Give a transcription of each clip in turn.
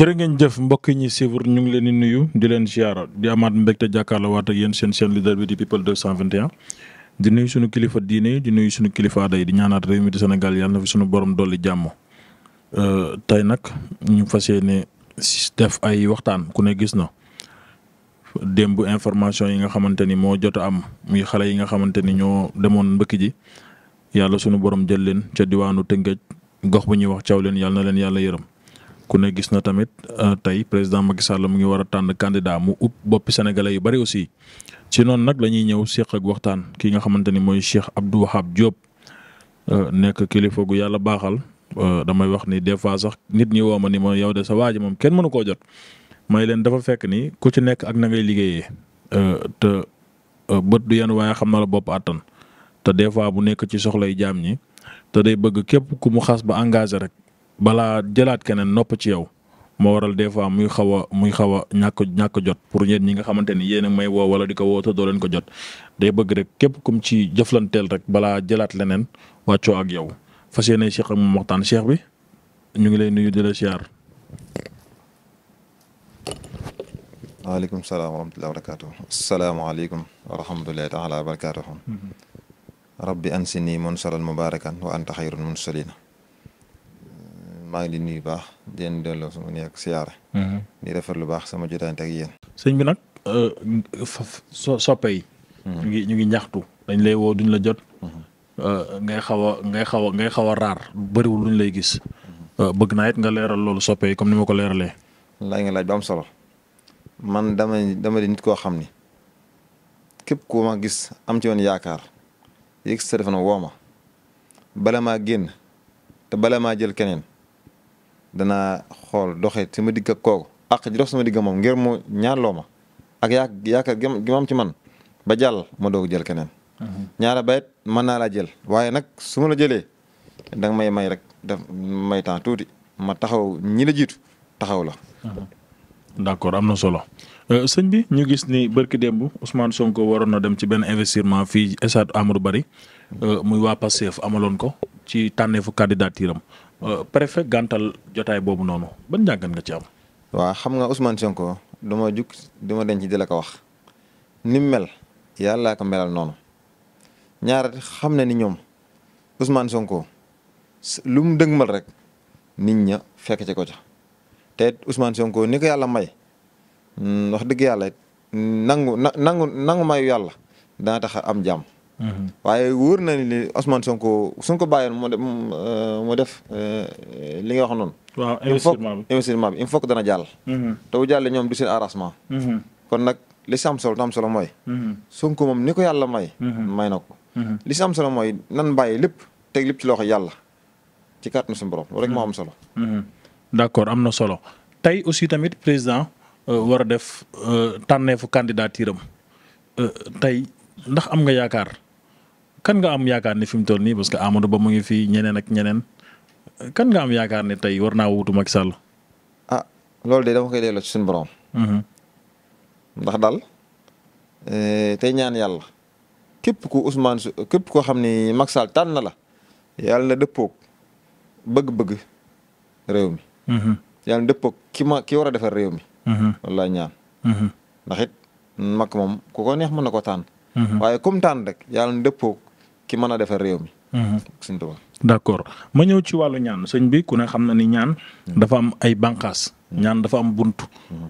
jërë ngeen jëf mbokk yi ñuy ñu ngi leen di nuyu di leen ziara di amaat mbégte jàkkaarloo waat ak yéen seen seen leader bi di people 221. di nuyu suñu kilifa diine di nuyu suñu kilifa aada di ñaanaat réew mi di Sénégal yàlla na fi suñu borom dolli jàmm. Euh, tey nag ñu fas yéene def ay waxtaan ku ne gis na démb information yi nga xamante ni moo jot am muy xale yi nga xamante ni ñoo demoon mbëkk ji yàlla sunu borom jël leen ca diwaanu Tëngéej gox bu ñuy wax caw leen yàlla na leen yàlla yërëm. ku ne gis na tamit euh, tey président Macky Sall mu ngi war a tànn candidat mu upp boppi sénégalais yu bari aussi si noonu nag la ñuy ñëw séq ak waxtaan ki nga xamante ni mooy Cheikh Abdou Wahab Diop euh, nekk kilifa gu yàlla baaxal euh, damay wax ni des fois sax nit ñi woo ma ni ma yow de sa waaji moom kenn mënu koo jot may leen dafa fekk ni ku ci nekk ak na ngay liggéeyee te bët du yenn waaye xam na la bopp àttan te des fois bu nekk ci soxlay jaam ñi te day bëgg képp ku mu xas ba engagé rek. balaa jëlaat keneen nopp ci yow moo waral des fois muy xaw a muy xaw a ñàkk ñàkk jot pour ñeen ñi nga xamante ni yéen a may woo wala di ko woota doo leen ko jot day bëgg rek képp kum ci jëflanteel rek balaa jëlaat leneen wàccoo ak yow fa yéene Cheikh ak moom waxtaan bi ñu ngi lay nuyu di la siyaar. waaleykum salaam wa rahmatulah wa barakaatu. salaamaaleykum wa rahmatullahi taala wa barakaatu. Mm-hmm. rabbi ansini munsalan mubarakan wa anta xayrul munsalina maa ngi di nuyu baax di leen delloo sama nuyu ak siyaare. Mhm. di rafet lu baax sama jotaante ak yéen. sëñ bi nag euh, soppe yi. Mhm. ñu ngi ñu ngi ñaxtu dañ lay woo duñ la jot. Mhm. Euh, ngay xaw a ngay xaw a xaw a raar bëriwul luñ lay gis. Euh, bëgg naa it nga leeral loolu soppe comme ni ma ko leeralee. laaj nga laaj ba am solo man dama dama di nit koo xam ni képp ku ma gis am ci woon yaakaar yéeg sa téléphone woo ma bala maa génn te bala maa jël keneen. dana xool doxee ma digg ak kooku àq ji dox sama digg moom ngir mu ñaanloo ma ak yaa yaakaar gi ma am ci man ba jàll ma doog jël keneen. Mhm. ñaara bayit mën naa laa jël waaye nag su ma la jëlee danga may may rek daf may temps tuuti ma taxaw ñi la jiitu taxaw la. Mhm. d'accord am na solo euh, sëñ bi ñu gis ni bërki démb Ousmane Sonko waroon na dem ci benn investirement fii stade Amadou bari mhm. euh, muy waa Pastef amaloon ko ci tànnee candidature am Euh, préfet gàntal jotaay boobu noonu ban njàngat nga ci am. waaw xam nga Ousmane Sonko du ma jug du ma denc di la ko wax ni mu mel yàllaa ko melal noonu ñaar xam na ni ñoom Ousmane Sonko lu mu mal rek nit ña fekk ci ko ca te Ousmane Sonko ni ko yàlla may mm, wax dëgg yàlla nangu nangu nangu mayu yàlla dana tax am jàmm. waaye wóor na ni Ousmane Sonko suñ ko bàyyoon moo def moo eh, def li nga wax noonu. waaw investissement bi bi il dana jàll. te bu jàllee ñoom du seen arrangement. kon nag li si am solo tam solo mooy. Sonko moom ni ko yàlla may. may na li si am solo mooy nan bàyyi lépp teg lépp ci loxo yàlla ci kàttanu suñu borom rek moo am solo. d'accord am na solo tey aussi tamit président euh, war a def euh, tànneefu candidature am euh, tey ndax am nga yaakaar. kan nga am yaakaar ne fi mu toll nii parce que Amadou Ba mu ngi fii ñeneen ak ñeneen kan nga am yaakaar ne tey war na wuutu Macky Sall. ah loolu de dama koy delloo ci suñu borom. Mm-hmm. ndax daal eh, tey ñaan yàlla képp ku Ousmane su képp koo xam ni Macky Sall tànn na la yàlla na dëppoog bëgg-bëgg réew mi. Mm-hmm. yàlla na dëppoog ki ma ki war defar réew mi. wallaay mm-hmm. ñaan. ndax it mag moom ku ko neex mën na ko tànn. waaye comme tànn rek yàlla na dëppoog ki mën a defar réew mi. Mhm. sëñ Tuubaa d' accord ma ñëw ci wàllu ñaan sëñ bi ku ne xam na ni ñaan mhm. dafa am ay bànqaas mhm. ñaan dafa am bunt.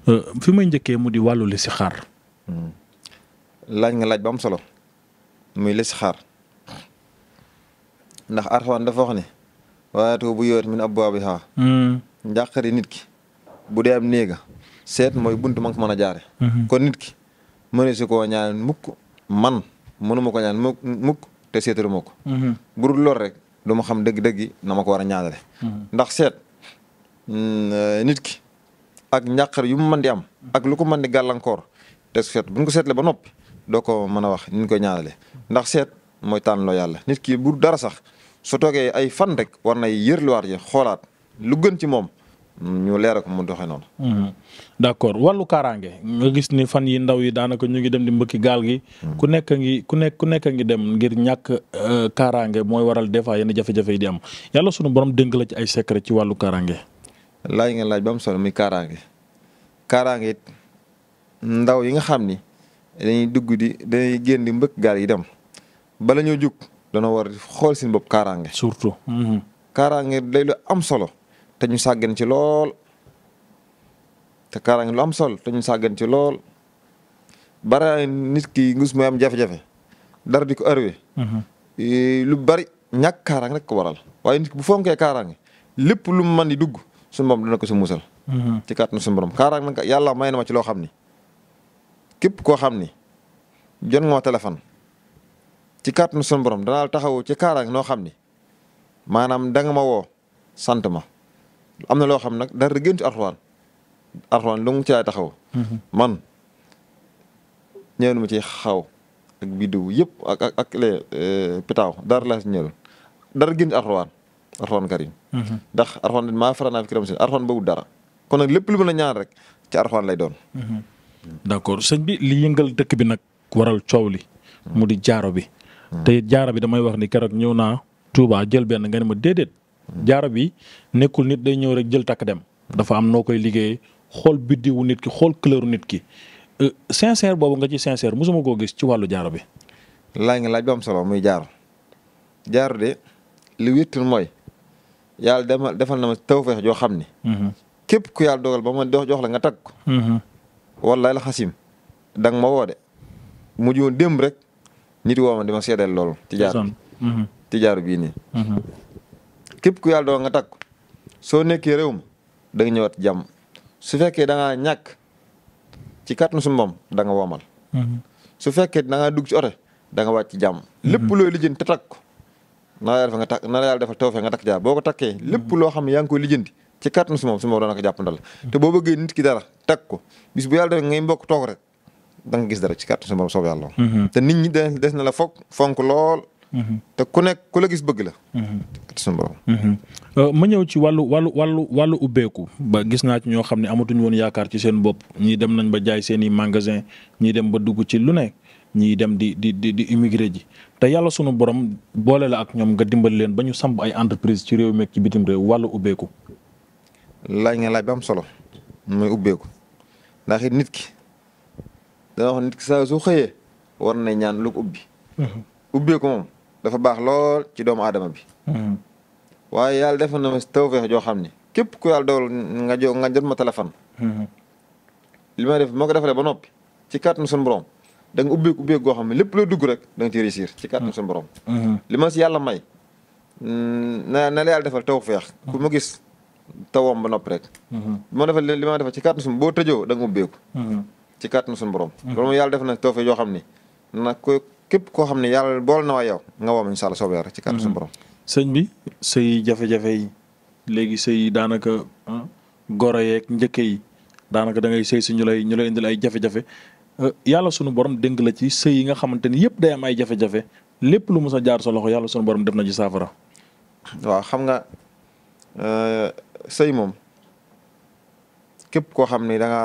Euh, fi may njëkkee mu di wàllu listixaar. laaj nga laaj ba am solo muy listixaar ndax Alxuraan dafa wax ne waaye tuuti bu yoot min abwaabihaa. njàqari nit ki bu dee am néega seet mooy bunt ma nga ko a jaare kon nit ki mënu si koo ñaan mukk man mënu ma ko ñaan mukk te seetaluma ko. Mhm. bu lool rek du ma xam dëgg dëggi na ma ko war a ñaanale. Mhm. ndax seet mm, euh, nit ki ak njàqar yu mu mën di am. ak lu ko mën di gàllankoor te seet bu ko seetlee ba noppi doo ko mën a wax ni ñu koy ñaanale ndax seet mooy tànn loo yàlla nit ki bu dara sax su toogee ay fan rek war nay yërluwaat yi xoolaat lu gën ci moom. ñu leer ko mu doxee noonu. Hmm. d' accord kaaraange nga gis ni fan yi ndaw yi daanaka ñu ngi dem di mbëkki gaal gi. Hmm. ku nekk ngi ku nekk ku nekk ngi dem ngir ñàkk euh, kaaraange mooy waral des fois yenn jafe-jafe yi di am yàlla sunu borom dénk la ci ay secret ci wàllu kaaraange. laaj nga laaj ba solo muy kaaraange kaaraange ndaw yi nga xam ni dañuy dugg di dañuy génn di gaal yi dem bala ñoo jug dana war xool seen bopp kaaraange. surtout. Hmm. kaaraange day lu am solo. te ñu sàggan ci lool te kaaraange lu am sol te ñu sàggan ci lool bara nit ki ngus mooy am jafe-jafe di ko mhm. lu bari ñàkk kaaraange rek ko waral waaye nit ki bu fonkee kaaraange lépp lu mu mën di dugg suñu borom dina ko si musal mhm. ci kàttanu suñu borom kaaraange nag may na ma ci loo xam ni képp koo xam ni jot nga ma téléphone ci kàttanu suñu borom danaa taxawoo ci kaaraange noo xam ni maanaam danga ma woo sant ma am na loo xam nag dara gën ci alxuraan alxuraan lu mu caay taxaw. Mhm. man ñëwee mu ci xaw ak biddiw yëpp ak ak ak les euh, pitaaw dara laa si ñëwee dara gën ci alxuraan alxuraan karim. Mhm. ndax alxuraan maa faral naa fi kiram si alxuraan bawul dara kon nag lépp lu mën ñaan rek ci alxuraan lay doon. Mhm. d'accord sëñ bi li yëngal dëkk bi nag waral coow li. mu di jaaro bi. te jaaro bi damay wax ni keroog ñëw naa Touba jël benn nga ne ma déedéet. jaaro bi nekkul nit day ñëw rek jël takk dem dafa am noo koy liggéeyee xool biddiwu nit ki xool couleur nit ki euh, sincère boobu nga ci sincère mosuma koo gis ci wàllu jaaro bi. laaj nga laaj bu am solo muy jaar jaar de li wittul mooy yàlla demal defal na ma tawfeex joo xam ni. Mhm. képp ku yàlla dogal ba ma jox jox la nga tag ko. Mhm. wallaay la xasim danga ma woo de mujj woon démb rek nit woo ma di ma seedeel loolu. ci jaar mhm. bii nii. képp ku yàlla dogal nga takk soo nekkee réew danga da nga ñëwaat jàmm su fekkee da ngaa ñàkk ci kàttanu suñu moom da nga womal. Mhm. su fekkee da ngaa dugg ci ote da nga ci jàmm. Mhm. lépp looy lijjanti te takk na la yàlla defal nga takk na la yàlla defal tawfeex nga takk boo ko takkee mhm. lépp loo xam ne ngi koy lijjanti ci kàttanu suñu moom suñu moom dana ko jàppandal. te boo bëggee nit ki dara takk ko bis bu yàlla defee ngay mbokk toog rek da nga gis dara ci kàttanu suñu moom soob yàlla. te nit ñi des na la foog fonk lool. Mhm. te ku nekk ku la gis bëgg la. Mhm. suñu borom. Mhm. Euh, ma ñëw ci wàllu wàllu wàllu wàllu ubbeeku ba gis naa ci ñoo xam ne amatuñu woon yaakaar ci seen bopp ñii dem nañ ba jaay seeni magasin ñii dem ba dugg ci lu ne ñii dem di di di di immigré ji te yàlla sunu borom boole la ak ñoom nga dimbali leen ba ñu samp ay entreprise ci réew meeg ci bitim réew wàllu ubbeeku. laaj nga laaj ba am solo muy ubbeeku ndax it nit ki dana wax nit ki saa su xëyee war na ñaan lu ko ubbi. ubbeeku moom. dafa baax lool ci doomu aadama bi. Hmm. waaye yàlla defa na ma tawfeex joo xam ne képp ku yàlla dool nga jo nga jot ma téléphone. Hmm. li may def moo ko defalee ba noppi ci kàttanu sunu borom da nga ubbeeku ubbeeku xam ne lépp loo dugg rek da nga ciy ci kàttanu hmm. sunu borom. li ma si yàlla may na na la yàlla defal tawfeex ku ma gis tawam ba noppi rek. li ma defal li ma defal ci kàttanu sunu boo tëjoo da nga ubbeeku. ci kàttanu sunu borom. loolu na tawfeex yoo xam ne na ko képp koo xam ne yàlla bool na waa yow nga woom incha allah soobee rek ci kàddu mhm. suñu sëñ bi sëy jafe-jafe yi léegi sëy daanaka ah, goro yeeg njëkk yi daanaka da ngay sëy si ñu lay ñu lay indil ay jafe-jafe euh, yàlla sunu borom dénk la ci sëy yi nga xamante ni yëpp day am ay jafe-jafe lépp lu mus a jaar sa loxo yàlla sunu borom def na ci saafara. waaw xam nga euh, sëy moom. képp koo xam ne da nga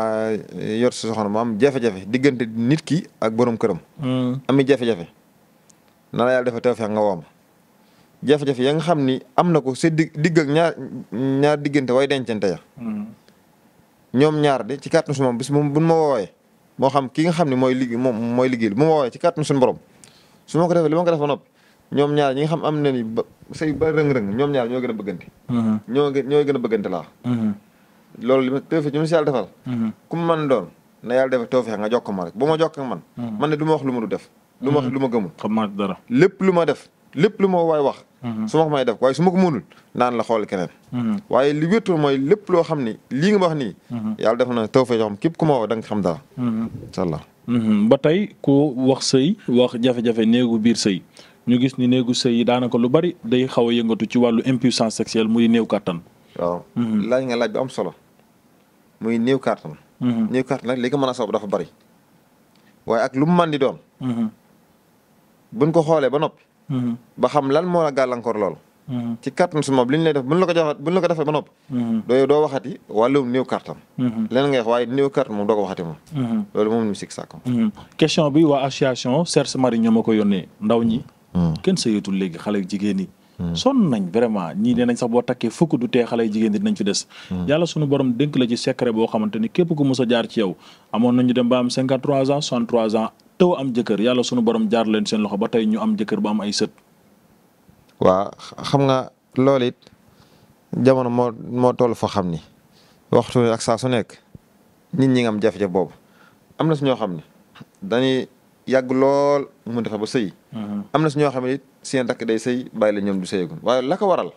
eh, yor sa soxna am jafe-jafe diggante nit ki ak borom këram. Hmm. ami jafe na la yàlla defal tawfeex nga wooma jafe-jafe ya nga xam ni am na ko sa dig digg ñaar ñaar diggante way dencante ya hmm. ñoom ñaar de ci kàttanu suñu moom bis bu ma woowee moo xam ki nga xam ne mooy liggéey moom mooy liggéey bu ma woowee ci kàttanu suñu borom su ma ko defee li ma ko def ba noppi ñoom ñaar ñi nga xam am na ba say ba rëng ñoom ñaar ñoo gën a bëggante. Hmm. ñoo ñoo gën a bëggante laa. loolu li ma tawfeex ñu si yàlla defal mhm. ku man doon na yàlla defal tawfeex nga jokk ma rek boo ma jokk man mhm. man ne du ma wax lu ma du def lu ma wax mhm. lu ma gëmul xam naa dara lépp lu ma def lépp lu ma waay wax su ma ko def waaye su ma ko mënul naan la xool keneen waaye li wéttul mooy lépp loo xam ni lii nga wax nii yàlla def na tawfeex yoo xam képp ku ma wax da nga xam dara incha allah ba tey ku wax sëy wax jafe-jafe néegu biir sëy ñu gis ni néegu sëy yi daanaka lu bari day xaw a yëngatu ci wàllu impuissance sexuelle muy néew kàttan waaw. Mm-hmm. laaj nga laaj bu am solo. muy néew kàttan. Mm-hmm. néew kàttan nag li ko mën a sob dafa bari. waaye ak lu mu mën di doon. Mm-hmm. buñ ko xoolee ba noppi. ba xam lan moo la gàllankoor lool. ci kàttan su moom li ñu lay def buñ la ko joxat buñ la ko defee ba noppi. doo doo waxati wàllum néew kàttan. leneen ngay wax waaye néew kàttan moom doo ko waxati moom. loolu moom ñu sikk sàkk. question bi waa association Cerce Marie ñoo ma ko yónnee ndaw ñi. Mm. kenn sëyatul léegi xale jigéen ñi. sonn nañ vraiment ñi nee nañ sax boo takkee fukk du tee xale jigéen nañ fi des yàlla sunu borom dénk la ci secret boo xamante ni képp ku mos a jaar ci yow amoon nañu dem ba am 53 ans 63 ans am jëkkër yàlla sunu borom jaar leen seen loxo ba tey ñu am jëkkër ba am ay sët waa xam nga loolu it jamono moo moo toll foo xam ni waxtu ak saa su nekk nit ñi nga am jafe-jafe boobu am na su ñoo xam ne yàgg lool mu mën ba sëy mhm. am na su ñoo xam ne it seen rakk day sëy bàyyi la ñoom du sëyagul waaye la ko waral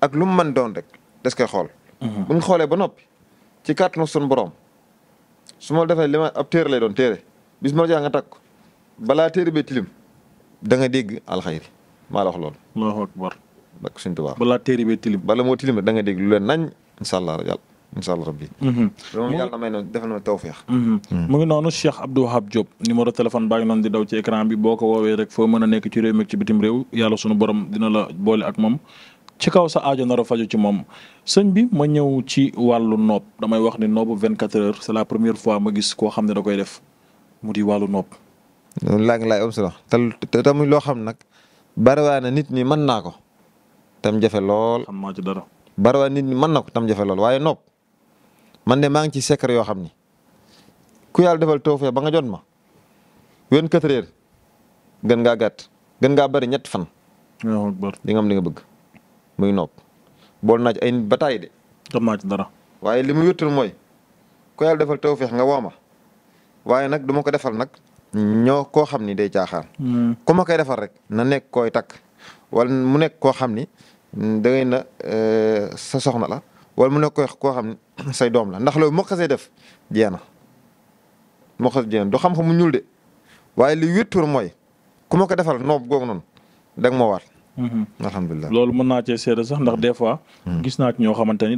ak lu mu mën doon rek des koy xool mhm. bu ñu xoolee ba noppi ci kàttanu sun borom su ma defee li ma ab téere lay doon téere bis ma jaa nga takk balaa téere bee tilim da nga dégg alxayri maa la wax loolu allahu akbar ak suñ tubaab balaa téere bee tilim bala moo tilim da nga dégg lu leen nañ incha allah yàlla incha allah rabbi. Mhm. loolu yàlla may na defal ma tawféex. Mhm. Hmm. mu ngi noonu Cheikh Abdou Wahab Diop numéro téléphone baa ngi noonu di daw ci écran bi boo ko woowee rek foo mën a nekk ci réew mi ci bitim réew yàlla sunu borom dina la boole ak moom. ci kaw sa aajo nar a faju ci moom sëñ bi ma ñëw ci wàllu nopp damay wax ni noobu 24 heures c'est la première fois ma gis koo xam ne da koy def mu di wàllu nopp. loolu laa laay am solo te tamit loo xam nag bariwaa na nit ñi mën naa ko tam jafe lool. xam naa ci dara bariwaa nit ñi mën na ko tam jafe lool waaye nopp man de maa ngi ci secret yoo xam ni ku yàlla defal tawfeex ba nga jot ma vingt-quatre heures gën ngaa gàtt gën ngaa bëri ñett fan. li nga bëgg muy nopp bool naa ay nit ba dara. waaye li mu yottul mooy ku yàlla defal nga woo ma nag du ko defal nag ñoo koo xam ni day caaxaan. Hmm. ku ma koy defal rek na nekk koy takk wal mu nekk koo xam ni mm, dangay na euh, sa soxna la wala mu nekk koo xam ni. say doom la ndax loolu moo xasee def jeex na moo xasee jeex xam-xamu ñuul de waaye li wéttuur mooy ku ma ko defal noob googu noonu da nga ma waat. Mhm. alhamdulilah loolu mën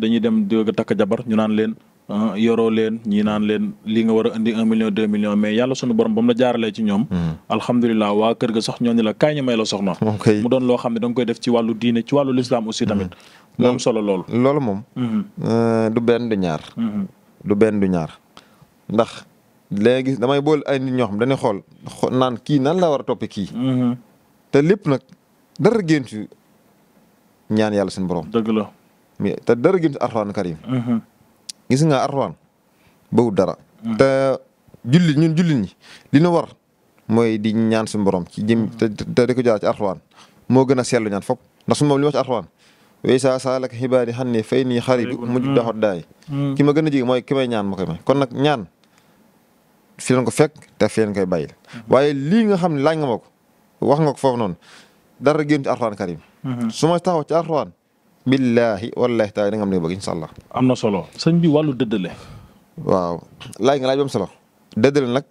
hmm. naan leen. Ah, yoroo leen ñii naan leen lii nga war a indi un million deux millions mais yàlla sunu borom ba la jaaralee ci ñoom. Hmm. alhamdulilah waa kër ga sax ñoo ni la kaay ñu may la soxna. mu doon loo xam ne da koy def ci wàllu diine ci wàllu lislaam aussi tamit. Hmm. moom solo loolu. loolu moom. Mhm. Euh, du benn du ñaar. Mhm. du benn du ñaar ndax léegi damay bool ay nit ñoo xam dañuy xool naan kii nan la war a toppee kii. Mhm. te lépp nag dara génn ci ñaan yàlla suñu borom. dëgg la te dara génn ci Alxuraan Karim. gis nga Alxuraan bëggu dara. te jullit ñun jullit ñi li ñu war mooy di ñaan suñu borom ci jëm te te di ko jaar ci Alxuraan moo gën a seetlu ñaan fop ndax suñu moom li ci Alxuraan waysa saalak xibaari xan ne fay nii xaribu mujj mm. daxot daay mm. ki ma gën a jig mooy ki may ñaan ma koy may kon nag ñaan fi leen ko fekk te fi koy bàyyil mm-hmm. waaye lii nga xam ne laaj nga ma ko wax nga ko foofu noonu dara génn ci alxuraan karim mm-hmm. su ma taxaw ci alxuraan billaahi wallaahi taala da nga am ne bëgg incha allah am na solo sëñ bi wàllu dëddale waaw laaj nga laaj ba mu solo dëddale nag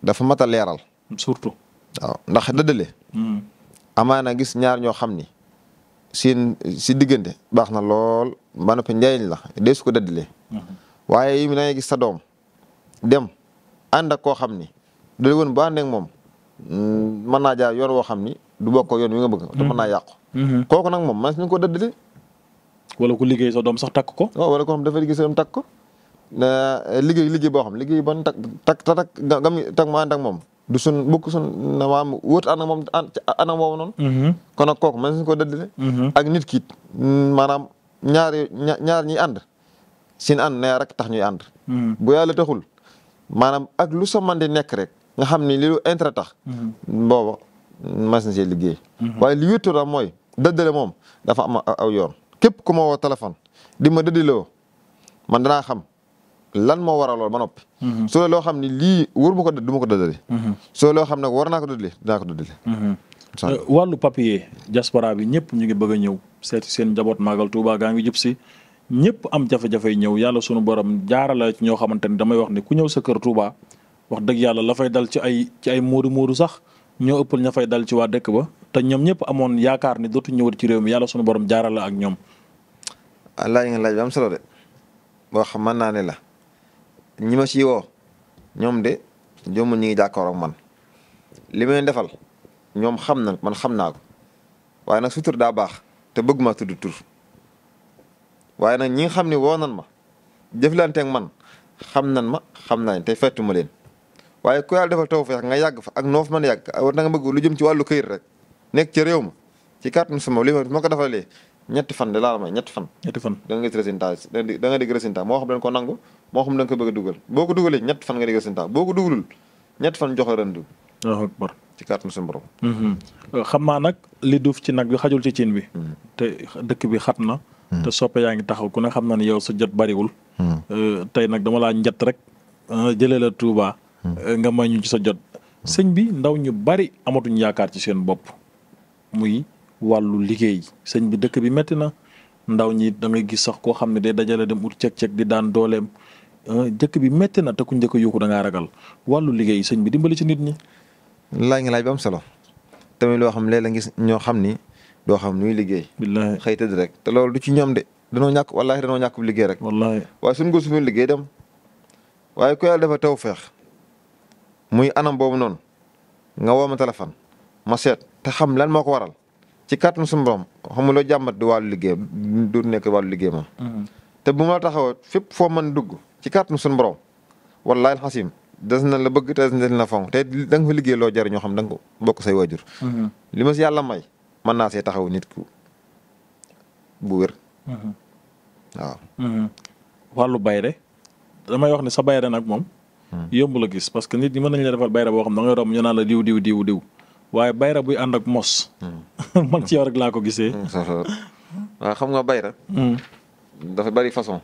dafa mat a leeral surtout waaw ndax dëddale mm. amaana gis ñaar ñoo xam ni seen si diggante baax na lool ba noppi njëriñ la dee ko daddilee mhm. waaye yi mi da gis sa doom dem ànd ak koo xam ni dala woon ba ànd moom mm, mën naa jaar yoon woo xam ni du ko yoon wi nga bëgg te mën naa mhm. yàqu mhm. kooku nag moom man nañ ko daddale wala ku liggéey sa doom sax takk ko waaw oh, wala ko xam dafa liggéey sa doom takk ko liggéey liggéey boo xam liggéey ban takk takk takk gam takk mu ak moom du sun bokk sun na maam wóot ana moom ana moom noonu. Mhm. kon nag kooku mën suñ ko dëddale. Mhm. ak nit kit maanaam ñaar ñaar ñuy ànd. sin ànd nee tax ñuy ànd. Mhm. bu yàlla taxul maanaam ak lu sa nekk rek nga xam ni li lu tax. booba mën na liggéey. waaye li wéttoon mooy dëddale moom dafa am aw yoon képp ku ma woo téléphone di ma dëddaloo man xam. lan moo waral lool ba noppi. Mhm. su loo xam ni lii wër ma ko du ma ko dëddale. Mhm. su dee loo xam ne war naa ko dëddale dinaa ko dëddale. Mhm. Euh, wàllu papier diaspora bi ñëpp ñu ngi bëgg a ñëw seeti seen njaboot màggal Touba gaa ngi jub si ñëpp am jafe-jafe ñëw yàlla sunu borom jaarala ñoo xamante ni damay wax ni ku ñëw sa kër Touba wax yàlla la fay dal ci ay ay moodu moodu sax ñoo ëppal ña fay dal ci dëkk ba te ñoom ñëpp amoon yaakaar ni dootu ñëwat ci réew mi yàlla sunu borom jaarala ak ñoom. laaj nga laaj bi solo de boo xam naa ne la ñi ma ciy woo ñoom de jomul ñu ngi jàkkaar ak man li may defal ñoom xam na man xam naa ko waaye nag sutur daa baax te bëgg ma tudd tur waaye nag ñi nga xam ni woo nan ma jëflanteeg man xam nan ma xam naa ne te fettu ma leen waaye ku yàlla defal taw feex nga yàgg fa ak noof man yàgg war na nga bëgg lu jëm ci wàllu kayit rek nekk ci réew ma ci kàttanu sama li ma ko defalee ñetti fan de laal may ñetti fan. ñetti fan da nga gis résultat da nga dégg résultat moo xam dañ ko nangu moo xam da nga ko bëgg a dugal boo ko dugalee ñetti fan nga dégg résultat boo ko dugalul ñetti fan jox la rendu. waaw mhm. xam naa nag li duuf ci nag bi xajul ci cin bi. Mhm. te dëkk bi xat na. Mhm. te soppe yaa ngi taxaw ku ne xam na ne yow sa jot bariwul. Euh, tey nag dama laa njat rek ah, jëlee la Touba. Euh, nga may ñu ci sa jot. sëñ bi ndaw ñu bari amatuñu yaakaar ci seen bopp muy. wàllu liggéey sëñ bi dëkk bi métti na ndaw ñi da gis sax koo xam ne day dajale dem ut cek-cek di daan dooleem ah, dëkk bi métti na te ku njëkk a yuuxu da ragal wàllu liggéey sëñ bi dimbali ci nit ñi. laaj nga laaj ba solo tamit loo xam léeg-léeg gis ñoo xam ni doo xam nuy liggéey. billaahi xëy rek te loolu du ci ñoom de danoo ñàkk wallaahi danoo ñàkk bu liggéey rek. wallaahi waaye suñ ko suñu liggéey dem waaye ku yàlla dafa taw feex muy anam boobu noonu nga woo ma téléphone ma seet te xam lan moo ko waral ci kàttan suñu borom xam nga loo jàmbat di wàllu liggéey du nekk wàllu liggéey moom. Mm-hmm. te bu ma la taxawoo foo man dugg ci kàttan suñu borom wallaahi alxasim des na la bëgg te des na la fonk te danga nga fa liggéey loo jar ñoo xam da nga ko bokk say waajur. Mm-hmm. li ma si yàlla may man naa see taxaw nit ku bu wér. Mm-hmm. waaw. wàllu bayre damay wax ne sa bayre nag moom. Hmm. yomb la gis parce que nit ñi mën nañu la defal bayre boo xam da ngay romb ñu naan la diw diw diw diw. waaye bayra buy ànd ak mos. Hmm. man ci yow rek laa ko gisee. Hmm, waaw xam nga bayra. Hmm. dafa bari façon.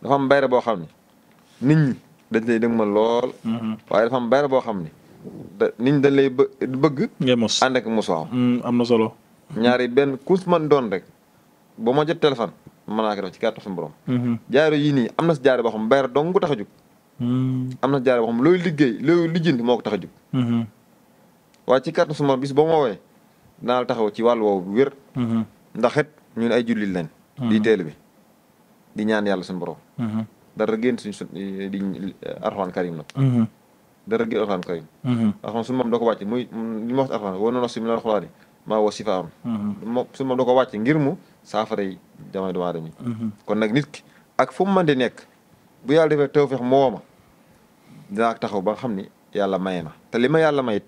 dafa am bayra boo xam ne nit ñi dañ lay dégg ma lool. waaye dafa am boo xam ne da nit dañ lay bëgg. ngay mos ànd ak mos waaw. am na solo. ñaari benn kuus man doon rek ba ma jot téléphone mën naa ko def ci kàttan suñu borom. jaaro yii nii am na si jaaro boo xam bayra dong ko tax a jug. am na si jaaro boo xam looy liggéey looy lijjanti moo ko tax a jug. waaye ci kàttan suma bis boo ma woowee naa la taxaw ci wàll woowu bu wér. Mm-hmm. ñun ay jullit lañ. Mm-hmm. di teel bi di ñaan yàlla suñu borom. Mm-hmm. dara génn suñ su eh, di eh, arxuraan karim nag. dara génn arxuraan ko wàcce muy mm, li ma wax si si minal xulaani maa woo si fa am. moom suñu moom ngir mu saafara yi jamono doomu kon nag nit ki ak fu mu mën nekk bu yàlla defee tawfeex moo ma dinaa taxaw ba xam ni yàlla maye na te li yàlla mayit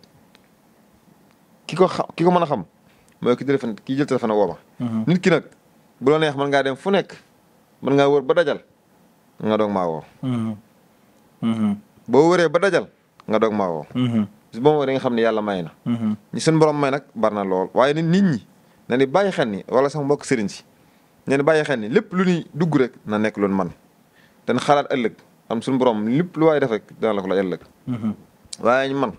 ki ko ki ko mën a xam mooy ki téléphone ki jël téléphone woo ma. Mhm. nit ki nag bu la neex mën ngaa dem fu nekk man ngaa wër ba dajal nga doog maa woo. Mhm. Mhm. boo wëree ba dajal nga doog ma woo. bis boo ma da nga xam ne yàlla may na. ñi seen borom may nag bari na lool waaye nit ñi na ni bàyyi xel ni wala sax mbokk sëriñ si na ni xel ni lépp lu ñuy dugg rek na nekk loolu man dañ xalaat ëllëg am suñu borom lépp lu waay def rek dana la ko la ëllëg. waaye man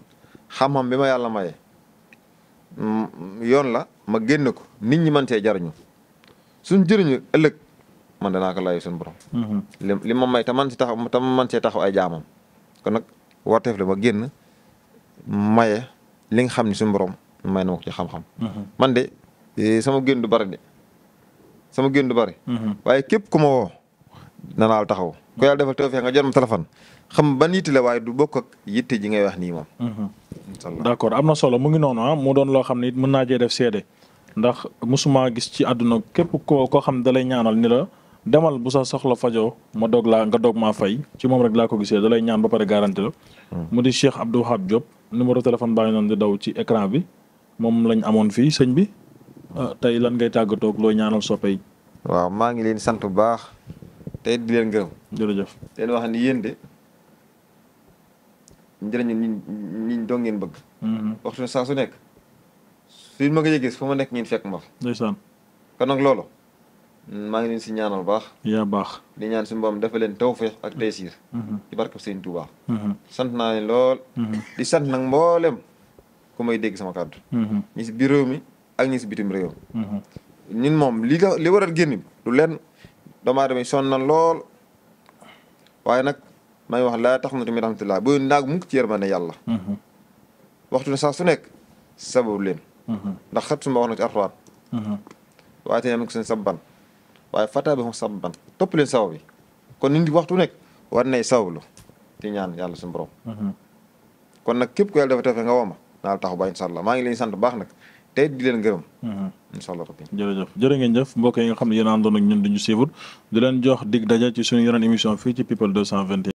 xam-xam bi ma yàlla maye. Mm, yoon la ma génn ko nit ñi mën cee jariñu suñ jëriñu ëllëg man danaa ko layu suñ borom. Mm-hmm. li ma may te man ci taxaw te man cee taxaw ay jaamam kon nag warteef la ma génn maye li nga xam ne suñu borom may na ma ci xam-xam. Mm-hmm. man de eh, sama génn du bari de sama génn du bari. Mm-hmm. waaye képp ku ma woo danaa la taxaw. ko yàlla defal tawfeex nga jot ma xam ban yitte la waaye du bokk ak yitte ji ngay wax nii moom. Mhm. incha allah d'accord am na solo mu ngi noonu ah mu doon loo xam ne it mën naa jee def seede ndax mosuma gis ci àdduna képp koo koo xam ne da ñaanal ni la demal bu sa soxla fajoo ma doog laa nga doog maa fay ci moom rek laa ko gisee da lay ñaan ba pare garanti la. Hmm. mu di Cheikh Abdou Wahab Diop numéro téléphone baa ngi noonu di daw ci ecran bi moom lañ amoon fii sëñ bi ah, tey lan ngay tàggatoo ak looy ñaanal soppe yi. waaw maa ngi leen sant bu baax te di leen njëriñu ñi doo ngeen bëgg. Mm-hmm. waxtu saa su nekk suñ ma koy gis fu ma nekk ngeen fekk ma fa. ndeysaan. kon nag maa ngi leen si ñaanal baax. yaa baax. di ñaan suñu boom dafa leen tawfeex ak mm-hmm. taysiir. Mm-hmm. ci barkab Sëriñ Tuubaa. sant naa leen lool. di sant nag mboolem ku may dégg sama kàddu. ñi si biir réew mi ak ñi si bitim réew. ñun moom li li waral génn lu leen doomu aadama yi sonn na lool waaye nag. maa ngi wax laa taqnatu min rahmatillah booy naag mukk ci yërmande yàlla mhm. waxtu ne saa nekk sabab leen mhm. ndax xat suma wax na ci alxuraan mhm. waaye te ko seen sabban sabab yi kon ñaan yàlla suñu kon nag képp ku yàlla dafa tefee nga wooma naa taxu ba incha allah maa ngi leen sant baax nag tey di leen gërëm incha allah rabbi nga xam ne yéen àndoon ak ñun di ñu suivre jox dig daja ci suñu yeneen émission fii ci people 221